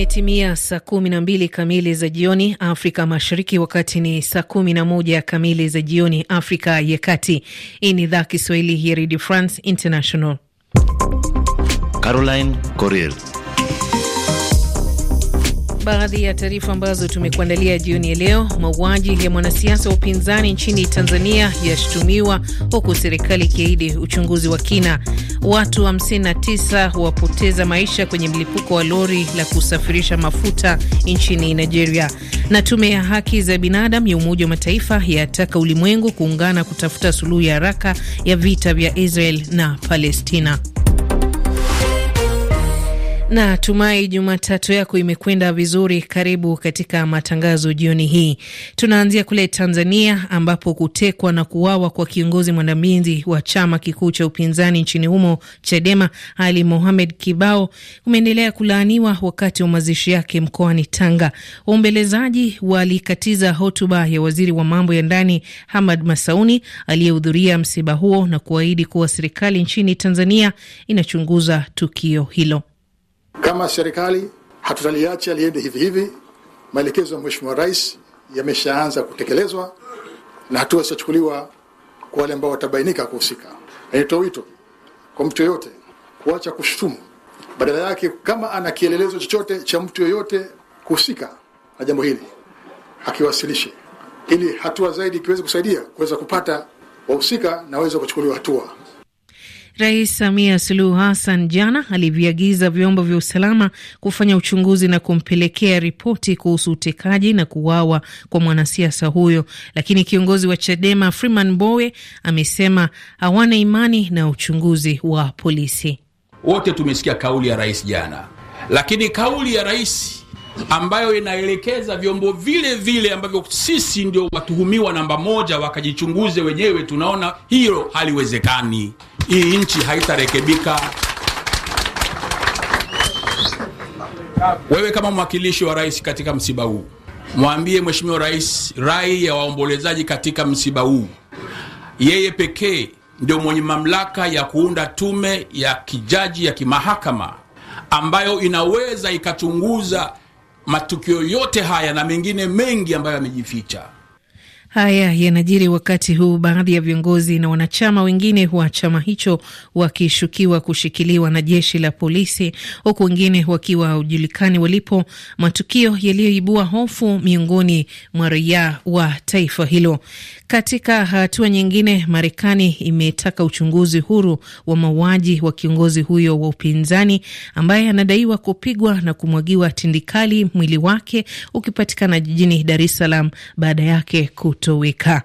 Imetimia saa kumi na mbili kamili za jioni Afrika Mashariki, wakati ni saa kumi na moja kamili za jioni Afrika ya Kati. Hii ni idhaa Kiswahili ya Redio France International. Caroline Corel Baadhi ya taarifa ambazo tumekuandalia jioni ya leo: mauaji ya mwanasiasa wa upinzani nchini Tanzania yashutumiwa huku serikali ikiahidi uchunguzi wa kina. Watu 59 wa wapoteza maisha kwenye mlipuko wa lori la kusafirisha mafuta nchini Nigeria. Na tume ya haki za binadamu ya Umoja wa Mataifa yataka ulimwengu kuungana kutafuta suluhu ya haraka ya vita vya Israel na Palestina. Na tumai Jumatatu yako imekwenda vizuri. Karibu katika matangazo jioni hii. Tunaanzia kule Tanzania ambapo kutekwa na kuuawa kwa kiongozi mwandamizi wa chama kikuu cha upinzani nchini humo Chadema Ali Mohamed Kibao umeendelea kulaaniwa wakati wa mazishi yake mkoani Tanga. Waombelezaji walikatiza hotuba ya waziri wa mambo ya ndani Hamad Masauni aliyehudhuria msiba huo na kuahidi kuwa serikali nchini Tanzania inachunguza tukio hilo. Kama serikali hatutaliacha liende hivi hivi. Maelekezo ya Mheshimiwa Rais yameshaanza kutekelezwa na hatua zitachukuliwa kwa wale ambao watabainika kuhusika. Nitoa wito kwa mtu yoyote kuacha kushutumu, badala yake kama ana kielelezo chochote cha mtu yoyote kuhusika na jambo hili akiwasilishe, ili hatua zaidi ikiweza kusaidia kuweza kupata wahusika na waweze kuchukuliwa hatua. Rais Samia Suluhu Hassan jana alivyagiza vyombo vya usalama kufanya uchunguzi na kumpelekea ripoti kuhusu utekaji na kuuawa kwa mwanasiasa huyo, lakini kiongozi wa CHADEMA Freeman Mbowe amesema hawana imani na uchunguzi wa polisi. Wote tumesikia kauli ya rais jana, lakini kauli ya rais ambayo inaelekeza vyombo vile vile ambavyo sisi ndio watuhumiwa namba moja wakajichunguze wenyewe, tunaona hilo haliwezekani hii nchi haitarekebika. Wewe kama mwakilishi wa rais katika msiba huu, mwambie mheshimiwa rais rai ya waombolezaji katika msiba huu. Yeye pekee ndio mwenye mamlaka ya kuunda tume ya kijaji ya kimahakama ambayo inaweza ikachunguza matukio yote haya na mengine mengi ambayo yamejificha. Haya yanajiri wakati huu baadhi ya viongozi na wanachama wengine wa chama hicho wakishukiwa kushikiliwa na jeshi la polisi, huku wengine wakiwa ujulikani walipo, matukio yaliyoibua hofu miongoni mwa raia wa taifa hilo. Katika hatua nyingine, Marekani imetaka uchunguzi huru wa mauaji wa kiongozi huyo wa upinzani ambaye anadaiwa kupigwa na kumwagiwa tindikali mwili wake ukipatikana jijini Dar es Salaam baada yake kutu kutoweka.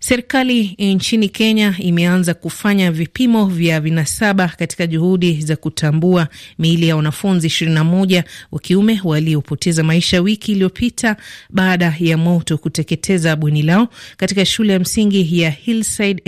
Serikali nchini Kenya imeanza kufanya vipimo vya vinasaba katika juhudi za kutambua miili ya wanafunzi 21 wa kiume waliopoteza maisha wiki iliyopita baada ya moto kuteketeza bweni lao katika shule ya msingi ya Hillside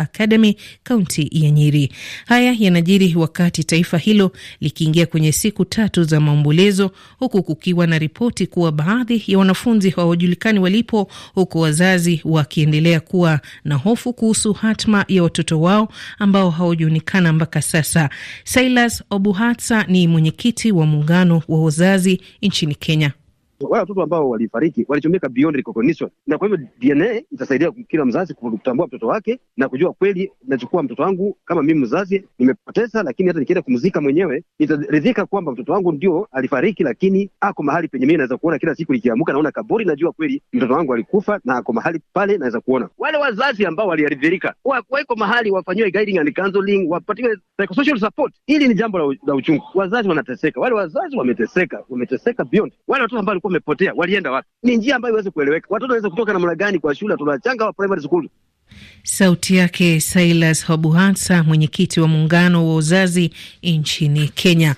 Academy, kaunti ya Nyeri. Haya yanajiri wakati taifa hilo likiingia kwenye siku tatu za maombolezo, huku kukiwa na ripoti kuwa baadhi ya wanafunzi hawajulikani walipo, huku wazazi wakiendelea wanaendelea kuwa na hofu kuhusu hatma ya watoto wao ambao hawajaonekana mpaka sasa. Silas Obuhatsa ni mwenyekiti wa muungano wa wazazi nchini Kenya wale watoto ambao walifariki walichomeka beyond recognition, na kwa hivyo DNA itasaidia kila mzazi kutambua mtoto wake na kujua kweli, nachukua mtoto wangu kama mimi mzazi nimepoteza, lakini hata nikienda kumzika mwenyewe nitaridhika kwamba mtoto wangu ndio alifariki, lakini ako mahali penye mimi naweza kuona kila siku nikiamka, naona kaburi, najua kweli mtoto wangu alikufa na ako mahali pale naweza kuona. Wale wazazi ambao waliaridhirika waiko mahali wafanyiwe guiding and counseling, wapatiwe psychosocial support. Hili ni jambo la uchungu, wazazi wanateseka, wale wazazi wameteseka, wameteseka beyond wale watoto ambao walikuwa wamepotea walienda wapi? Ni njia ambayo iweze kueleweka, watoto waweze kutoka namna gani kwa shule, wachanga wa primary school. Sauti yake Silas Hobuhansa, mwenyekiti wa muungano wa uzazi nchini Kenya.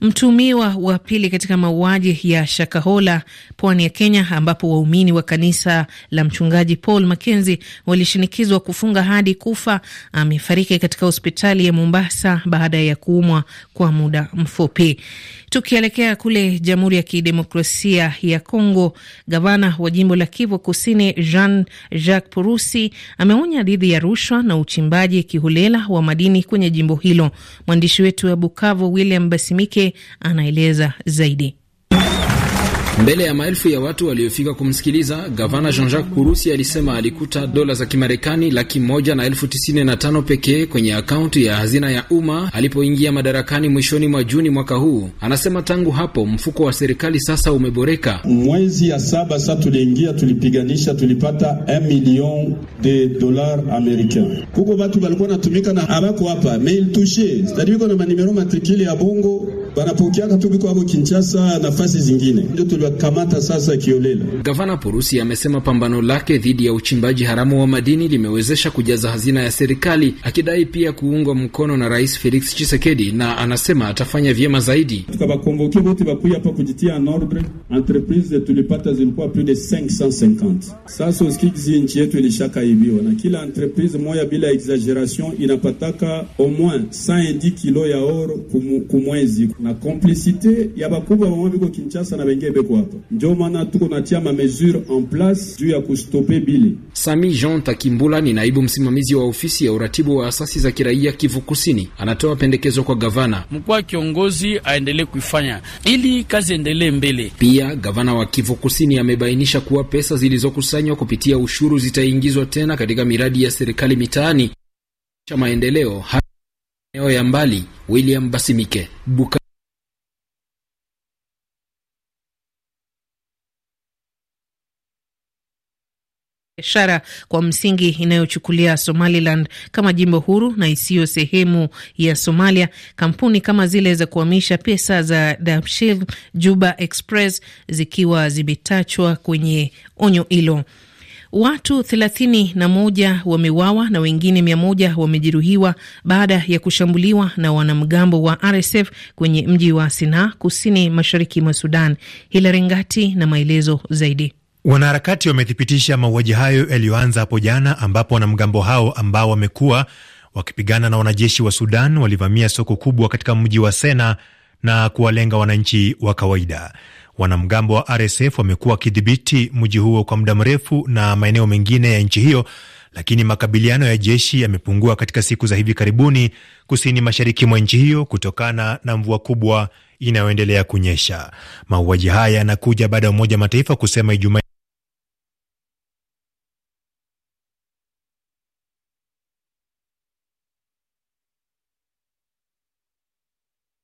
Mtumiwa wa pili katika mauaji ya Shakahola pwani ya Kenya, ambapo waumini wa kanisa la mchungaji Paul Makenzi walishinikizwa kufunga hadi kufa, amefariki katika hospitali ya Mombasa baada ya kuumwa kwa muda mfupi. Tukielekea kule Jamhuri ya Kidemokrasia ya Kongo, gavana wa jimbo la Kivu Kusini Jean Jacques Purusi ameonya dhidi ya rushwa na uchimbaji kiholela wa madini kwenye jimbo hilo. Mwandishi wetu wa Bukavu William Basimike anaeleza zaidi. Mbele ya maelfu ya watu waliofika kumsikiliza, gavana Jean-Jacques Kurusi alisema alikuta dola za Kimarekani laki moja na elfu tisini na tano pekee kwenye akaunti ya hazina ya umma alipoingia madarakani mwishoni mwa Juni mwaka huu. Anasema tangu hapo mfuko wa serikali sasa umeboreka. Mwezi ya saba sasa tuliingia, tulipiganisha, tulipata milioni de dolar amerikani. Huko vatu valikuwa natumika na abako hapa mail tushe na manimero matrikili ya bongo wanapokeaka tu biko hapo Kinshasa nafasi zingine, ndio tuliwakamata sasa kiolela. Gavana Porusi amesema pambano lake dhidi ya uchimbaji haramu wa madini limewezesha kujaza hazina ya serikali, akidai pia kuungwa mkono na Rais Felix Tshisekedi, na anasema atafanya vyema zaidi. Tukabakomboke wote bakuya hapa kujitia en ordre. Entreprise tulipata zilikuwa plus de 550 sasa, usikizi nchi yetu ilishaka ilishakaibiwa na kila entreprise moja, bila exaggeration, inapataka au moins 110 kilo ya oro kumwezi na complicité ya bakubwa bamwe biko Kinshasa na bengine beko hapa, ndio maana tuko natia ma mesure en place juu ya kustope bile. Sami Jean Takimbula ni naibu msimamizi wa ofisi ya uratibu wa asasi za kiraia Kivu Kusini, anatoa pendekezo kwa gavana mkuu wa kiongozi aendelee kuifanya ili kazi endelee mbele. Pia gavana wa Kivu Kusini amebainisha kuwa pesa zilizokusanywa kupitia ushuru zitaingizwa tena katika miradi ya serikali mitaani cha maendeleo eneo ya mbali. William Basimike Buka biashara kwa msingi inayochukulia Somaliland kama jimbo huru na isiyo sehemu ya Somalia. Kampuni kama zile za kuhamisha pesa za Dabshil Juba Express zikiwa zimetachwa kwenye onyo hilo. Watu thelathini na moja wamewawa na wengine mia moja wamejeruhiwa baada ya kushambuliwa na wanamgambo wa RSF kwenye mji wa Sinaa kusini mashariki mwa Sudan. Hilaringati na maelezo zaidi. Wanaharakati wamethibitisha mauaji hayo yaliyoanza hapo jana, ambapo wanamgambo hao ambao wamekuwa wakipigana na wanajeshi wa Sudan walivamia soko kubwa katika mji wa Sena na kuwalenga wananchi wa kawaida. Wanamgambo wa RSF wamekuwa wakidhibiti mji huo kwa muda mrefu na maeneo mengine ya nchi hiyo, lakini makabiliano ya jeshi yamepungua katika siku za hivi karibuni kusini mashariki mwa nchi hiyo kutokana na mvua kubwa inayoendelea kunyesha. Mauaji haya yanakuja baada ya Umoja Mataifa kusema Ijumaa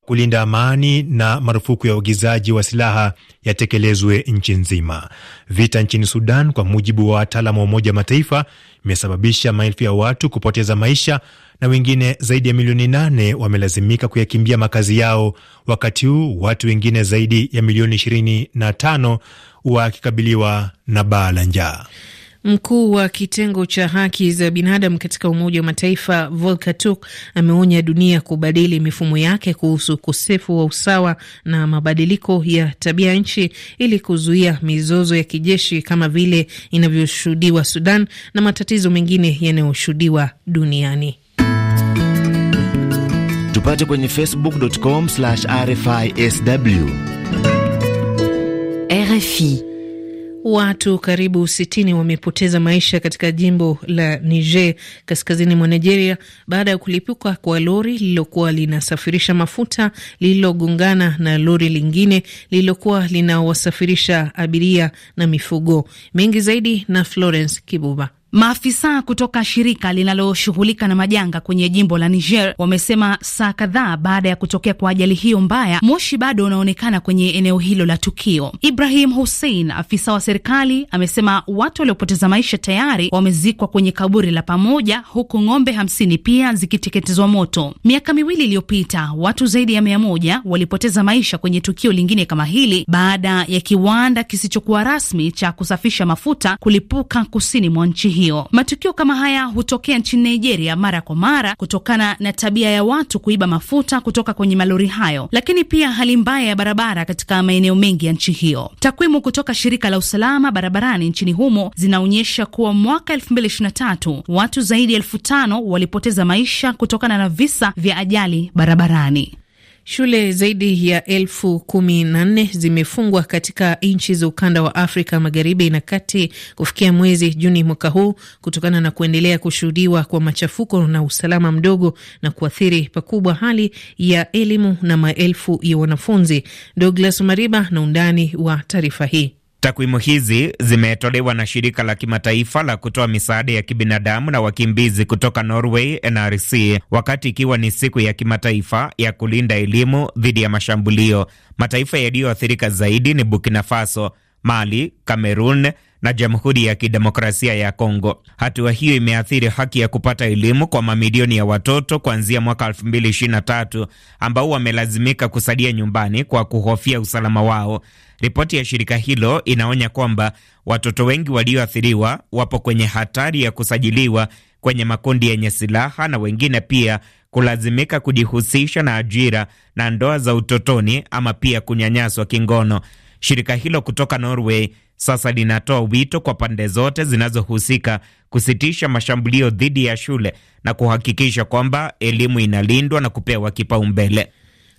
kulinda amani na marufuku ya uagizaji wa silaha yatekelezwe nchi nzima. Vita nchini Sudan, kwa mujibu wa wataalam wa Umoja wa Mataifa, imesababisha maelfu ya watu kupoteza maisha na wengine zaidi ya milioni nane wamelazimika kuyakimbia makazi yao, wakati huu watu wengine zaidi ya milioni 25 wakikabiliwa na baa la njaa. Mkuu wa kitengo cha haki za binadamu katika Umoja wa Mataifa Volker Turk ameonya dunia kubadili mifumo yake kuhusu ukosefu wa usawa na mabadiliko ya tabia nchi ili kuzuia mizozo ya kijeshi kama vile inavyoshuhudiwa Sudan na matatizo mengine yanayoshuhudiwa duniani. Tupate kwenye facebook.com/rfisw. RFI Watu karibu 60 wamepoteza maisha katika jimbo la Niger kaskazini mwa Nigeria baada ya kulipuka kwa lori lililokuwa linasafirisha mafuta lililogongana na lori lingine lililokuwa linawasafirisha abiria na mifugo. Mengi zaidi na Florence Kibuba. Maafisa kutoka shirika linaloshughulika na majanga kwenye jimbo la Niger wamesema saa kadhaa baada ya kutokea kwa ajali hiyo mbaya, moshi bado unaonekana kwenye eneo hilo la tukio. Ibrahim Hussein, afisa wa serikali, amesema watu waliopoteza maisha tayari wamezikwa kwenye kaburi la pamoja, huku ng'ombe hamsini pia zikiteketezwa moto. Miaka miwili iliyopita watu zaidi ya mia moja walipoteza maisha kwenye tukio lingine kama hili baada ya kiwanda kisichokuwa rasmi cha kusafisha mafuta kulipuka kusini mwa nchi hii hiyo. Matukio kama haya hutokea nchini Nigeria mara kwa mara kutokana na tabia ya watu kuiba mafuta kutoka kwenye malori hayo, lakini pia hali mbaya ya barabara katika maeneo mengi ya nchi hiyo. Takwimu kutoka shirika la usalama barabarani nchini humo zinaonyesha kuwa mwaka 2023 watu zaidi ya elfu tano walipoteza maisha kutokana na visa vya ajali barabarani. Shule zaidi ya elfu kumi na nne zimefungwa katika nchi za ukanda wa Afrika magharibi na kati kufikia mwezi Juni mwaka huu kutokana na kuendelea kushuhudiwa kwa machafuko na usalama mdogo na kuathiri pakubwa hali ya elimu na maelfu ya wanafunzi. Douglas Mariba na undani wa taarifa hii. Takwimu hizi zimetolewa na shirika la kimataifa la kutoa misaada ya kibinadamu na wakimbizi kutoka Norway, NRC, wakati ikiwa ni siku ya kimataifa ya kulinda elimu dhidi ya mashambulio. Mataifa yaliyoathirika zaidi ni Burkina Faso, Mali, Kamerun na Jamhuri ya Kidemokrasia ya Kongo. Hatua hiyo imeathiri haki ya kupata elimu kwa mamilioni ya watoto kuanzia mwaka 2023 ambao wamelazimika kusalia nyumbani kwa kuhofia usalama wao. Ripoti ya shirika hilo inaonya kwamba watoto wengi walioathiriwa wapo kwenye hatari ya kusajiliwa kwenye makundi yenye silaha na wengine pia kulazimika kujihusisha na ajira na ndoa za utotoni ama pia kunyanyaswa kingono. Shirika hilo kutoka Norway sasa linatoa wito kwa pande zote zinazohusika kusitisha mashambulio dhidi ya shule na kuhakikisha kwamba elimu inalindwa na kupewa kipaumbele.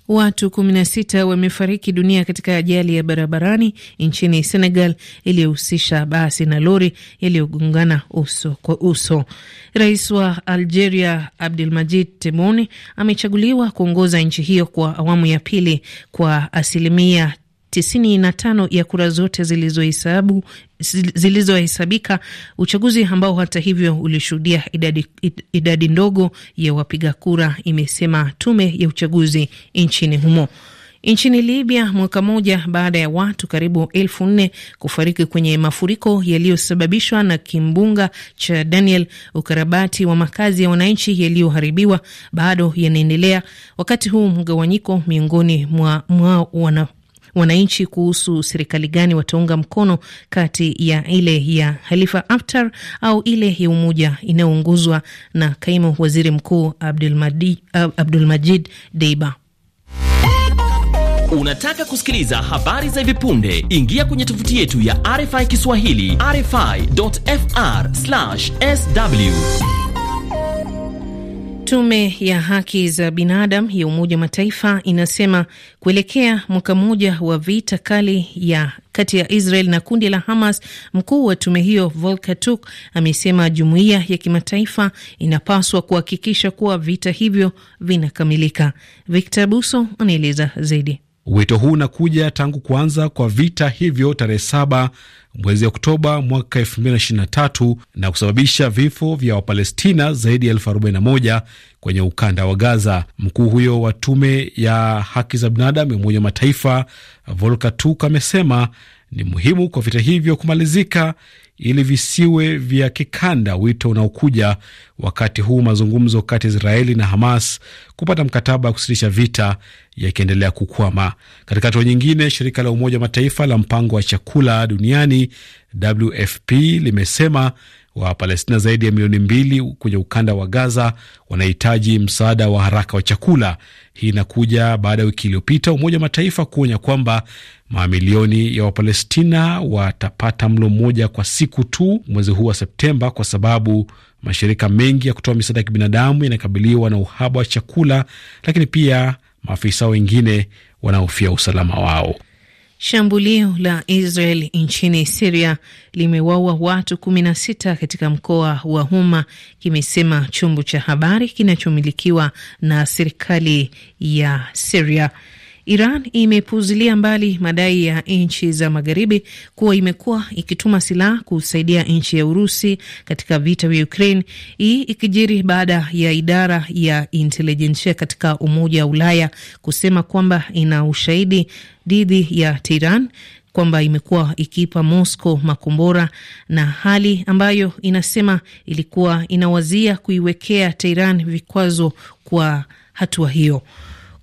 Watu 16 wamefariki dunia katika ajali ya barabarani nchini Senegal iliyohusisha basi na lori yaliyogongana uso kwa uso. Rais wa Algeria Abdelmadjid Tebboune amechaguliwa kuongoza nchi hiyo kwa awamu ya pili kwa asilimia tisini na tano ya kura zote zilizohesabu zilizohesabika, uchaguzi ambao hata hivyo ulishuhudia idadi, idadi ndogo ya wapiga kura, imesema tume ya uchaguzi nchini humo. Nchini Libya, mwaka mmoja baada ya watu karibu elfu nne kufariki kwenye mafuriko yaliyosababishwa na kimbunga cha Daniel, ukarabati wa makazi ya wananchi yaliyoharibiwa bado yanaendelea, wakati huu mgawanyiko miongoni mwa, mwa wana wananchi kuhusu serikali gani wataunga mkono kati ya ile ya Khalifa Haftar au ile ya umoja inayoongozwa na kaimu waziri mkuu Abdul uh, Majid Deiba. Unataka kusikiliza habari za hivi punde? Ingia kwenye tovuti yetu ya RFI Kiswahili, rfi.fr/sw Tume ya haki za binadamu ya Umoja wa Mataifa inasema kuelekea mwaka mmoja wa vita kali ya kati ya Israel na kundi la Hamas, mkuu wa tume hiyo Volker Turk amesema jumuiya ya kimataifa inapaswa kuhakikisha kuwa vita hivyo vinakamilika. Victor Buso anaeleza zaidi. Wito huu unakuja tangu kuanza kwa vita hivyo tarehe saba mwezi Oktoba mwaka 2023 na kusababisha vifo vya Wapalestina zaidi ya elfu 41 kwenye ukanda wa Gaza. Mkuu huyo wa tume ya haki za binadamu ya Umoja wa Mataifa Volker Turk amesema ni muhimu kwa vita hivyo kumalizika ili visiwe vya kikanda, wito unaokuja wakati huu mazungumzo kati ya Israeli na Hamas kupata mkataba wa kusitisha vita yakiendelea kukwama. Katika hatua nyingine, shirika la Umoja wa Mataifa la mpango wa chakula duniani WFP limesema Wapalestina zaidi ya milioni mbili kwenye ukanda wa Gaza wanahitaji msaada wa haraka wa chakula. Hii inakuja baada ya wiki iliyopita Umoja wa Mataifa kuonya kwamba mamilioni ya Wapalestina watapata mlo mmoja kwa siku tu mwezi huu wa Septemba kwa sababu mashirika mengi ya kutoa misaada ya kibinadamu yanakabiliwa na uhaba wa chakula, lakini pia maafisa wengine wanahofia usalama wao. Shambulio la Israel nchini Siria limewaua watu sita katika mkoa wa Huma, kimesema chombo cha habari kinachomilikiwa na serikali ya Siria. Iran imepuzilia mbali madai ya nchi za magharibi kuwa imekuwa ikituma silaha kusaidia nchi ya Urusi katika vita vya Ukraine, hii ikijiri baada ya idara ya intelijensia katika Umoja wa Ulaya kusema kwamba ina ushahidi dhidi ya Tehran kwamba imekuwa ikiipa mosco makombora na hali ambayo inasema ilikuwa inawazia kuiwekea Tehran vikwazo kwa hatua hiyo.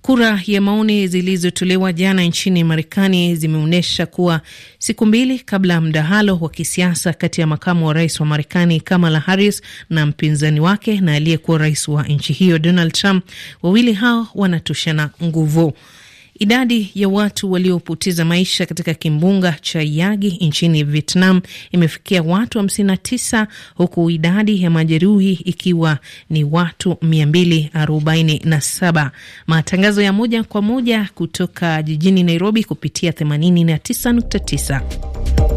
Kura ya maoni zilizotolewa jana nchini Marekani zimeonyesha kuwa siku mbili kabla ya mdahalo wa kisiasa kati ya makamu wa rais wa Marekani Kamala Harris na mpinzani wake na aliyekuwa rais wa nchi hiyo Donald Trump, wawili hao wanatoshana nguvu. Idadi ya watu waliopoteza maisha katika kimbunga cha Yagi nchini Vietnam imefikia watu 59 huku idadi ya majeruhi ikiwa ni watu 247. Matangazo ya moja kwa moja kutoka jijini Nairobi kupitia 89.9.